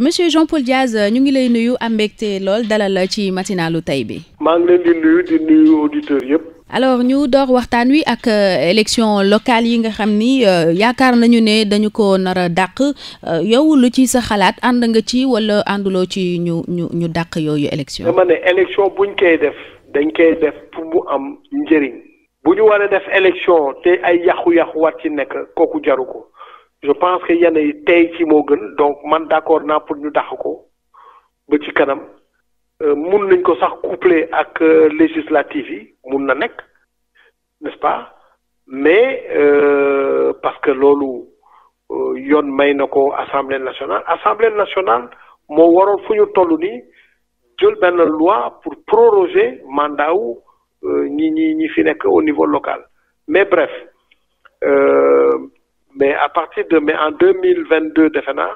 monsieur Jean-Paul Diaz euh, ñu ngi lay nuyu am mbégte lool dalal la ci matinalu tey bi. maa ngi leen di nuyu di nuyu auditeurs yëpp. alors ñu door waxtaan wi ak euh, élection locale yi nga xam ni euh, yaakaar nañu ne dañu ko nar a dàq yow lu ci sa xalaat ànd nga ci wala ànduloo ci ñu ñu ñu dàq yooyu élection. dama ne buñ koy def dañ koy def pour mu am njëriñ. bu ñu war a def élection te ay yàqu-yàquwaat ci nekk kooku jaru ko. je pense que yenn yi tey ci moo gën donc man d'accord na pour ñu dàq ko ba ci kanam euh, mun nañ ko sax coupler ak euh, législative yi mun na nekk n'est-ce pas mais euh, parce que loolu euh, yoon may na ko assemblée nationale assemblée nationale moo waroon fu ñu toll nii jël benn loi pour proroger mandat wu ñi ñi ñi fi nekk au niveau local mais bref. mais à partir de mais en deux mille vingt deux defe na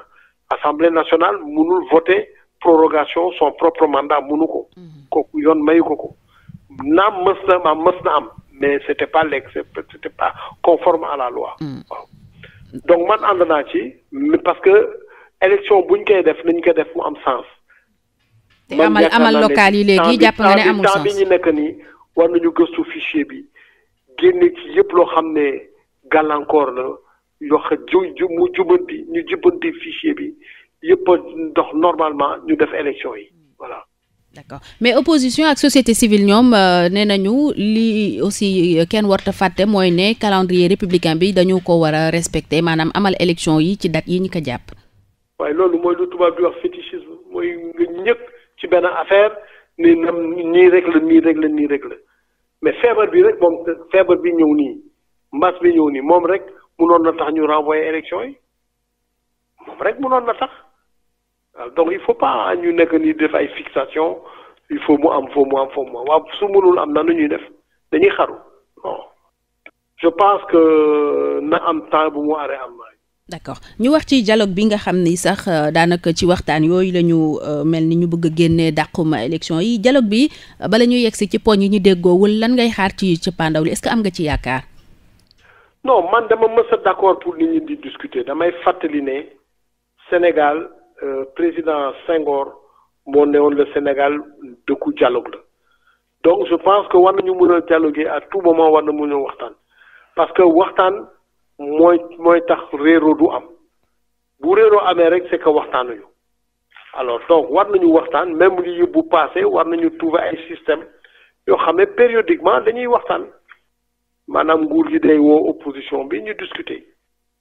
assemblée nationale munul voter prorogation son propre mandat munu ko. Mhm. kooku yoon mayu ko ko. naam mës na am mës na am mais c' était pas l' c' était pas conforme à la loi. Mhm. donc man ànd naa ci. parce que élection buñ koy def nañ koy def mu am sens. te amal amal local yi léegi jàpp nga ne amul sens bi ñu nekk nii war nañu gëstu fichier bi génne ci yëpp loo xam ne gàllankoor la. yoo xam ju mu jubanti ñu jubanti fichier bi yëpp a dox normalement ñu def élection yi voilà. d'accord mais opposition ak société civile ñoom euh, nee ñu lii aussi kenn warta fàtte mooy ne calendrier républicain bi dañu ko war a respecter maanaam amal élection yi ci date yi ñu ko jàpp. waaye loolu mooy lu tubaab di wax fétichisme mooy nga ñëkk ci benn affaire ni nam nii rek la nii rek la nii rek mais feebar bi rek moom feebar bi ñëw nii mbas bi ñëw nii moom rek. mënoon na tax ñu renvoyer élection yi moom rek mënoon na tax waaw donc il faut pas ñu nekk ni def ay fixation il faut mu am foo mu am foo mu am waaw su mënul am na nu ñuy def dañuy xaru bon je pense que na am temps bu mu arrêté am na d' accord ñu wax ci dialogue bi nga xam ni sax euh, daanaka ci waxtaan yooyu la ñu euh, mel ni ñu bëgg a génnee dàquma élection yi dialogue bi euh, bala ñu yegg si ci poñ yi ñu déggoowul lan ngay xaar ci ci pandaw li est ce que am nga ci yaakaar non man dama mës a d'accord pour nit ñi di discuter damay fàttali ne Sénégal euh, président Senghor moo newoon le Sénégal dëkku dialogue la donc je pense que war nañu mën a dialoguer à tout moment war na mën waxtaan parce que waxtaan mooy mooy tax réeroo du am bu réeroo amee rek c'est que waxtaanuñu alors donc war nañu waxtaan même lii bu passé war nañu trouver ay système yoo xam ne périodiquement dañuy waxtaan. maanaam nguur gi day woo opposition bi ñu discuter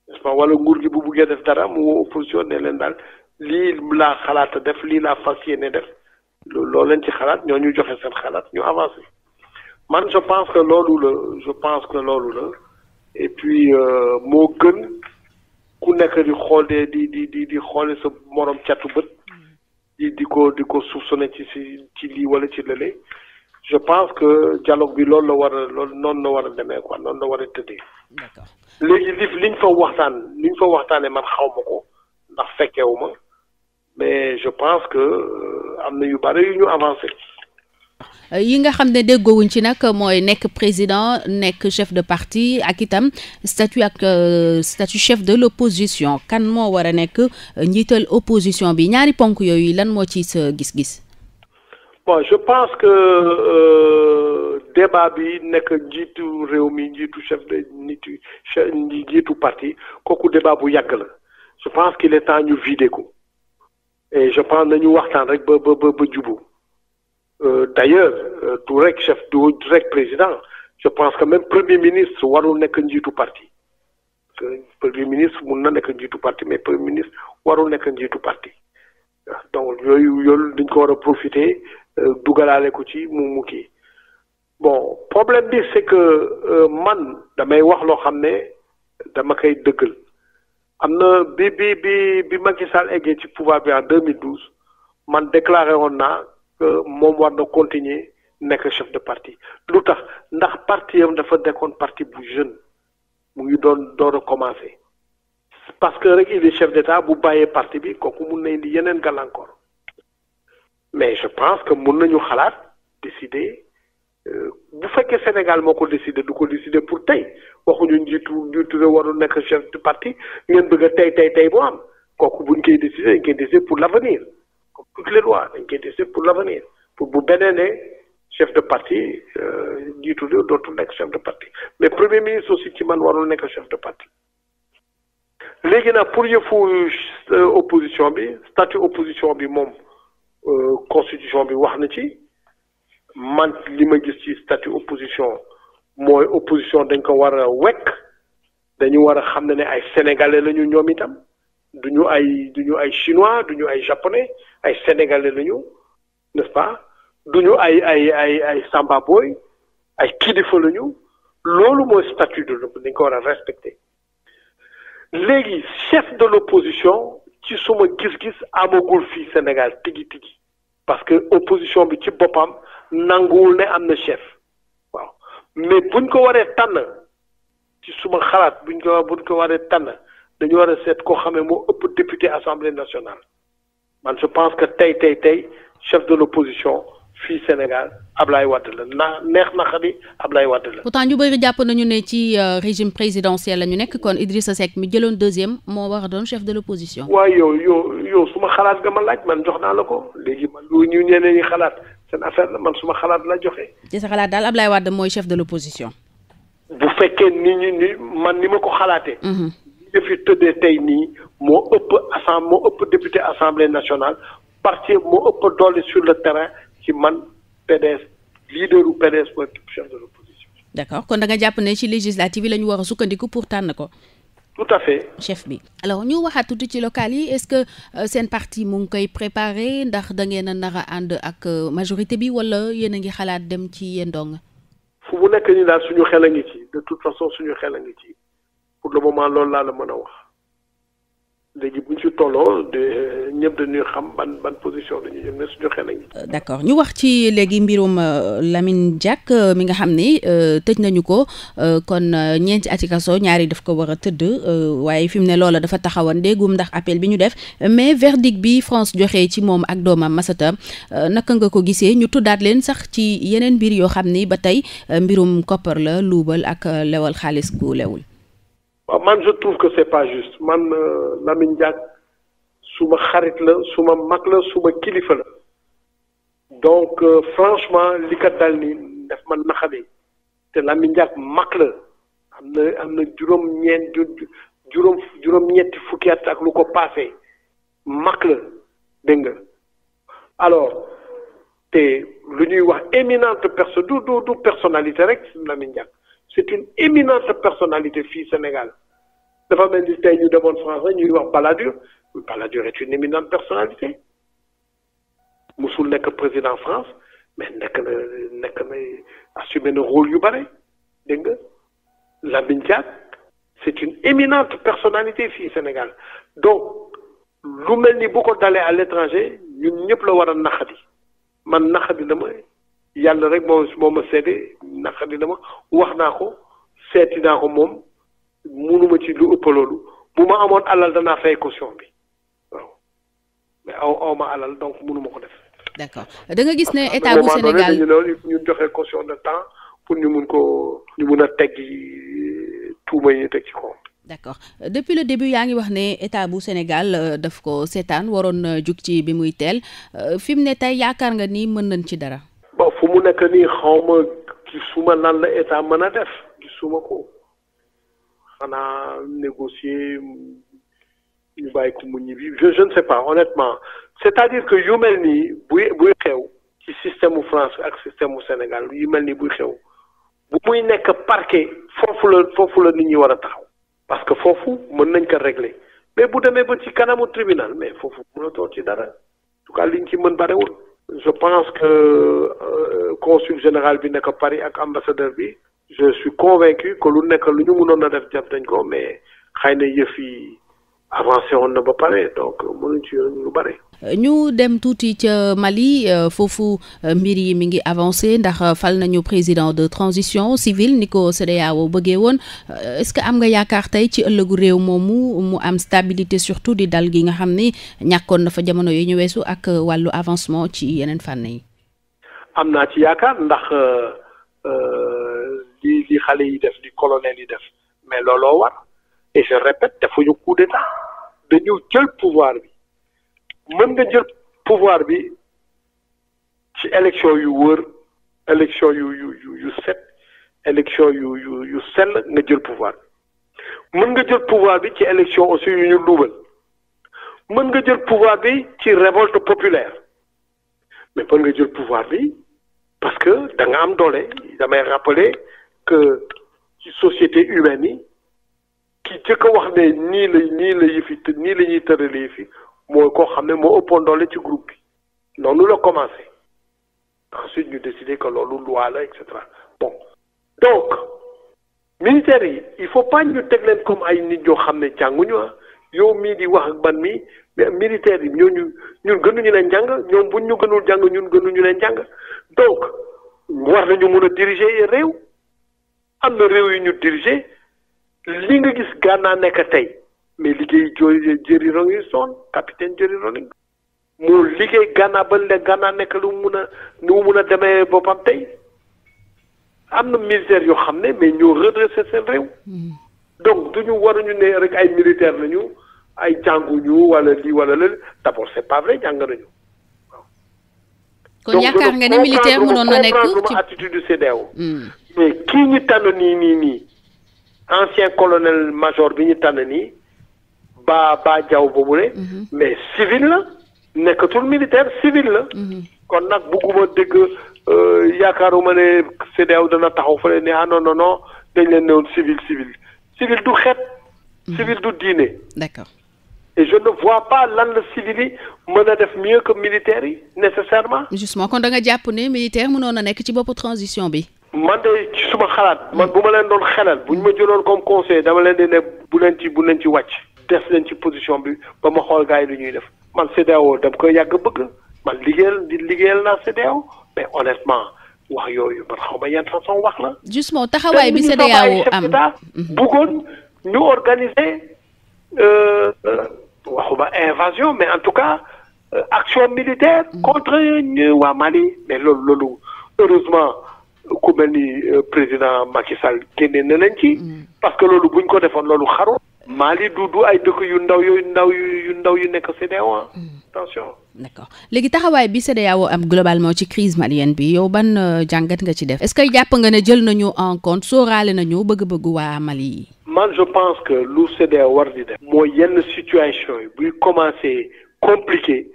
n'est-ce wala nguur gi bu buggee def dara mu woo opposition ne leen daal lii laa xalaata def lii laa fas yéene def loo leen ci xalaat ñoo ñu joxe seen xalaat ñu avancé man je pense que loolu la je pense que loolu la et puis euh, moo gën ku nekk di xoolee di di di di xoolee sa moroom catu bët di di ko di ko soupçonné ci ci ci lii wala ci lële je pense que dialogue bi loolu la war a loolu noonu la war a demee quoi noonu la war a tëddee. d'accord léegi li liñ fa waxtaan liñ fa waxtaanee man xaw ma ko ndax fekkewu ma mais je pense que euh, am na yu bari yu ñu avancé. Euh, yi nga xam ne déggoowuñ ci nag mooy nekk président nekk chef de parti ak itam statut ak euh, statut chef de l'opposition kan moo war a nekk njiital opposition bi ñaari ponk yooyu lan moo ci sa gis-gis. bon je pense que euh, débat bi nekk njiitu réew mi njiitu chef de nitu chef njiitu parti kooku débat bu yàgg la je pense qu'il est temps ñu vider ko et je pense nañu waxtaan rek ba ba ba ba jubóo euh, d'ailleurs euh, du rek chef du rek président je pense que même premier ministre warul nekk njiitu parti premier ministre mun na nekk njiitu parti mais premier ministre warul nekk njiitu parti donc yooyu yooyu dañ ko war a profiter dugalaale ko ci mu mu kii bon problème bi c'est que euh, man damay wax loo xam ne dama koy dëggal am na bi bi bi bi Macky Sall ci pouvoir bi en 2012 man déclaré woon naa que moom war na continuer nekk chef de parti lu tax ndax parti dafa dekkoon parti bu jeune mu ngi doon doon a commencer parce que rek il est chef d'état bu bàyyee parti bi kooku mun na indi yeneen gàllankoor mais je pense que mun nañu xalaat décider euh, bu fekkee Sénégal moo ko décider du ko décider pour tey waxuñu njiitu njiitu de warul nekk chef du parti ngeen bëgg a tey tey tey boo am kooku buñ koy décider dañ koy décider pour l' avenir comme toutes les lois dañ koy décider pour l' avenir pour bu beneenee chef de parti euh, njiitu de dootul nekk chef de parti mais premier ministre aussi ci man warul nekk chef de parti léegi nag pour yëfu euh, opposition bi statut opposition bi moom. Euh, constitution bi wax na ci man li ma gis ci statut opposition mooy opposition dañ ko war a wekk dañu war a xam ne ni ay sénégalais lañu ñoom itam duñu ay duñu ay chinois duñu ay japonais ay sénégalais lañu n'est-ce pas duñu ay ay ay ay samba boy ay kilifa lañu loolu mooy statut de dañ ko war a respecter léegi chef de l'opposition ci suma gis-gis amagul fii Sénégal tigi tigi parce que opposition bi ci boppam nanguwul ne am na chef waaw mais buñ ko waree tànn ci suma xalaat buñ ko buñ ko waree tànn dañu war a seet koo xam ne moo ëpp député assemblée nationale man je pense que tey tey tey chef de l'opposition fii Sénégal Ablaye Wade la na neex na xadi Ablaye Wade la. pourtant ñu bëri jàpp nañu ne ci euh, régime présidentiel la nekk kon Idrissa Seck mi jëloon deuxième moo war a doon chef de l' opposition. waaw yow yow yow su ma xalaat nga ma laaj man jox naa la ko léegi man lu ñu ñeneen ñi xalaat seen affaire la man su ma xalaat la joxe. ci sa xalaat daal Ablaye Wade mooy chef de l' opposition. bu fekkee ni ñu ni man ni ma ko xalaatee. Mhm. li fi tëddee tey nii moo ëpp assemblée moo député assemblée ci man PDS leaderu PDS mooy chef de l'opposition. d'accord kon da nga jàpp ne ci législative yi la ñu war sukkandiku pour tànn ko. tout à fait. chef bi alors ñu waxaat tuuti ci local yi est-ce que euh, seen parti mu ngi koy préparer ndax da ngeen a nar a ànd ak euh, majorité bi wala yéen a ngi xalaat dem ci yéen dong. fu mu nekk nii daal suñu xel a ngi ci de toute façon suñu xel a ngi ci pour le moment loolu laa la mën a wax. léegi bu ñu ci tolloo de ñëpp dañuy xam ban ban position dañuy jëm ne suñu xel nañu. Euh, d'accord ñu wax ci léegi mbirum euh, Lamine Diack euh, mi nga xam ni tëj nañu ko kon ñeenti ati kaso ñaari daf ko war a tëdd waaye fi mu ne loola dafa taxawan déggum ndax appel bi ñu def mais verdict bi France joxe ci moom ak doomam Massata naka nga ko gisee ñu tuddaat leen sax ci yeneen mbir yoo xam ni ba tey mbirum koppar la luubal ak lewal xaalis gu lewul. waaw man je trouve que c'est pas juste man euh, Lamine Diack suma xarit la suma mag la suma kilifa la donc euh, franchement li kat dal nii daf ma naxadi te Lamine Diack mag la am na am na juróom-ñeent juróom ñeent juróom ñetti fukki at ak lu ko paase mak la dégg nga alors te lu ñuy wax éminente personne du du du rek Lamine Diack c'est une éminente personnalité fii Sénégal dafa mel ni tey ñu demoon France ñuy wax Balladur Balladur est une éminente personnalité musul nekk président France mais nekk na nekk na assumé na rôle yu bare dégg nga Lamine Diack c'est une éminente personnalité fii senegal donc lu mel ni bu ko dalee à l'étranger ñun ñëpp la war a naxadi man naxadi na ma yàlla rek moom moo ma seede naqari dama wax naa ko seeti naa ko moom munuma ci lu ëpp loolu bu ma amoon alal danaa fay caution bi waaw mais aw aw ma alal donc munuma ko def. d' accord da nga gis ne état bu Sénégal ñu joxe caution de temps pour ñu mun ko ñu mun a teg tuuma ñu teg ci kawam. d' accord le début yaa ngi wax ne état bu Sénégal euh, daf ko seetaan waroon na euh, jug ci bi muy teel euh, fi mu ne tey yaakaar nga nii mën nañ ci dara. nekk nii xawma gisuma lan la état mën a def gisuma ko xanaa négocier ñu bàyyi ko mu ñibbi je je ne sais pas honnêtement c'est-à-dire que yu mel nii buy buy xew ci système u France ak système u Sénégal yu mel nii buy xew bu muy nekk parquet foofu la foofu la nit ñi war a taxaw parce que foofu mën nañ ko régler mais bu demee ba ci kanamu tribunal mais foofu mënatoo ci dara en tout cas liñ ci mën barewul je pense que euh, consul général bi nekk Paris ak ambassadeur bi je suis convaincu que lu nekk lu ñu mënoon a def def dañ ko mais xëy na yëf yi avancé ba pare donc mënuñ ci ñu dem tuuti ca Mali euh, foofu euh, mbir yi mi ngi avancé ndax euh, fal nañu président de transition civile ni ko CEDEAO bëggee woon est-ce que am nga yaakaar tey ci ëllëgu réew moomu mu am stabilité surtout di dal gi nga xam ni ñàkkoon na fa jamono yi ñu weesu ak wàllu avancement ci yeneen fànn yi. am naa ci yaakaar ndax li li xale yi def li colonel yi def mais looloo war. et je répète defuñu coup d'état dañu jël pouvoir bi mën nga jël pouvoir bi ci élection yu wër élection yu yu yu set élection yu yu yu sell nga jël pouvoir bi mën nga jël pouvoir bi ci élection aussi yu ñu luubal mën nga jël pouvoir bi ci révolte populaire mais mën nga jël pouvoir bi parce que da nga am doole damay rappeler que ci société humaine yi ki jëkk wax ne nii la nii la yëfi nii lañuy ñuy tëralee moo mooy koo xam ne moo ëppoon doole ci group bi loolu la commencé ensuite ñu décidé que loolu loi la et cetera bon donc militaires yi il faut pas ñu teg leen comme ay nit ñoo xam ne jànguñu ah yow mii di wax ak ban mii mais militaires yi ñooñu ñun gënuñu leen jàng ñoom buñ ñu gënul jàng ñun gënuñu leen jàng donc war nañu mun a diriger réew am na réew yu ñu diriger. li nga gis Ghana nekk tey mais liggéey jooy Jerry Robinson capitaine Jerry Robinson mu liggéey Ghana ba ne Ghana nekk lu mu mun a lu mu mun a demee boppam tey am na militaire yoo xam ne mais ñoo redressé seen réew mm-hmm. donc du ñu waruñu ne rek ay militaire lañu ay jànguñu wala lii wala la d'abord c'est pas vrai jàng nañu kon yaakaar nga ne militaire mënoon na nekk ci attitude du CEDEAO mm. mais kii ñi tànn nii nii nii ancien colonel major bi ñu tànn nii baa baa jaww boobule. Mhm. mais civil la nekk nekkatul militaire civil la. Mhm. kon nag bugguma dégg euh, yaakaaruma ne CEDEAO dana taxaw fële ne ah non dañ leen newoon civil civil civil du xeet. Mhm. civil du diine. d'accord. et je ne vois pas lan la civil yi mën a def mieux que militaire yi nécessairement. justement kon da nga jàpp ne militaire mënoon na nekk ci boppu transition bi. man de ci suma xalaat man bu ma leen doon xelal bu ñu ma jëloon comme conseil dama leen di ne bu leen ci bu leen ci wàcc des leen ci position bi ba ma xool gars yi lu ñuy def man CEDEAO dam koy yàgg bëgg man liggéeyal di liggéeyal naa CEDEAO mais honnêtement wax yooyu man xaw ma yan façon wax la. justement taxawaay bi CEDEAO am bëggoon ñu organiser euh, waxuma invasion mais en tout cas euh, action militaire contre ñu waa Mali mais loolu loolu heureusement. ku mel ni euh, président Macky génne na ci. Mm. parce que loolu buñ ko defoon loolu xaru. Mali du du ay dëkk yu ndaw yu ndaw yu ndaw yu nekk CEDEAO ah. mm. attention. d'accord léegi taxawaay bi CEDEAO am globalement ci crise malienne bi yow ban euh, jàngat nga ci def. est-ce que jàpp nga ne jël nañu en compte na nañu bëgg-bëggu waa Mali yi. man je pense que lu CEDEAO war di def. moo yenn situation yi buy commencer compliqué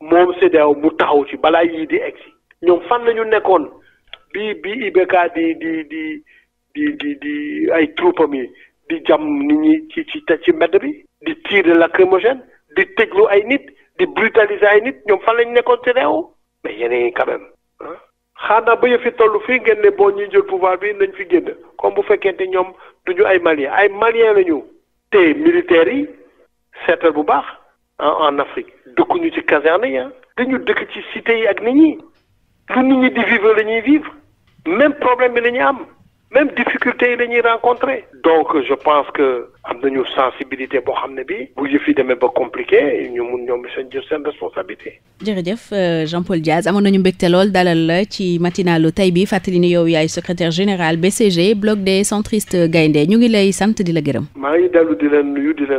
moom CEDEAO mu taxaw ci balaa yii di egg ñoom fan bi bi IBK di di di di di di ay troupam yi di jam nit ñi ci ci ci mbedd bi di tir de lacrymogène di tëjlu ay nit di brutaliser ay nit ñoom fan lañ nekkoon ci réew mais yéen ngi quand même xanaa ba yëfi toll fii ngeen ne boo ñuy jël pouvoir bi nañ fi génn comme bu fekkente ñoom du ñu ay malien ay malien lañu te militaires yi seetal bu baax en Afrique dëkkuñu ci caserne yi dañu dëkk ci cité yi ak nit ñi lu nit di vivre la ñuy même problème bi la ñuy am même difficulté yi la ñuy donc je pense que am na ñu sensibilité boo xam ne bi bu yëf yi demee ba compliqué ñu mun ñoom seen jël seen responsabilité. jërëjëf euh, Jean-Paul Diaz amoon nañu mbégte lool dalal la ci matinalu tey bi fàttali ni yow yaay secrétaire général BCG bloc de centristes gaynde ñu ngi lay sant di la gërëm. maa ngi dellu di leen nuyu di leen.